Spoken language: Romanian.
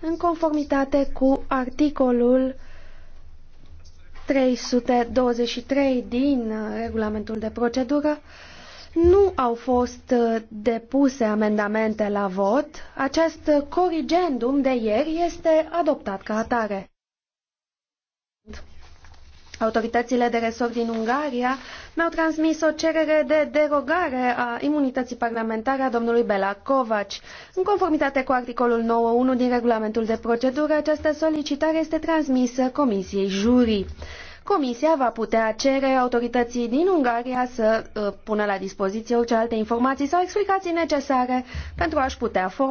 În conformitate cu articolul 323 din uh, regulamentul de procedură, nu au fost uh, depuse amendamente la vot. Acest corrigendum de ieri este adoptat ca atare. Autoritățile de resort din Ungaria mi-au transmis o cerere de derogare a imunității parlamentare a domnului Bela Kovac. În conformitate cu articolul 9.1 din regulamentul de procedură, această solicitare este transmisă Comisiei juri. Comisia va putea cere autorității din Ungaria să uh, pună la dispoziție orice alte informații sau explicații necesare pentru a-și putea forma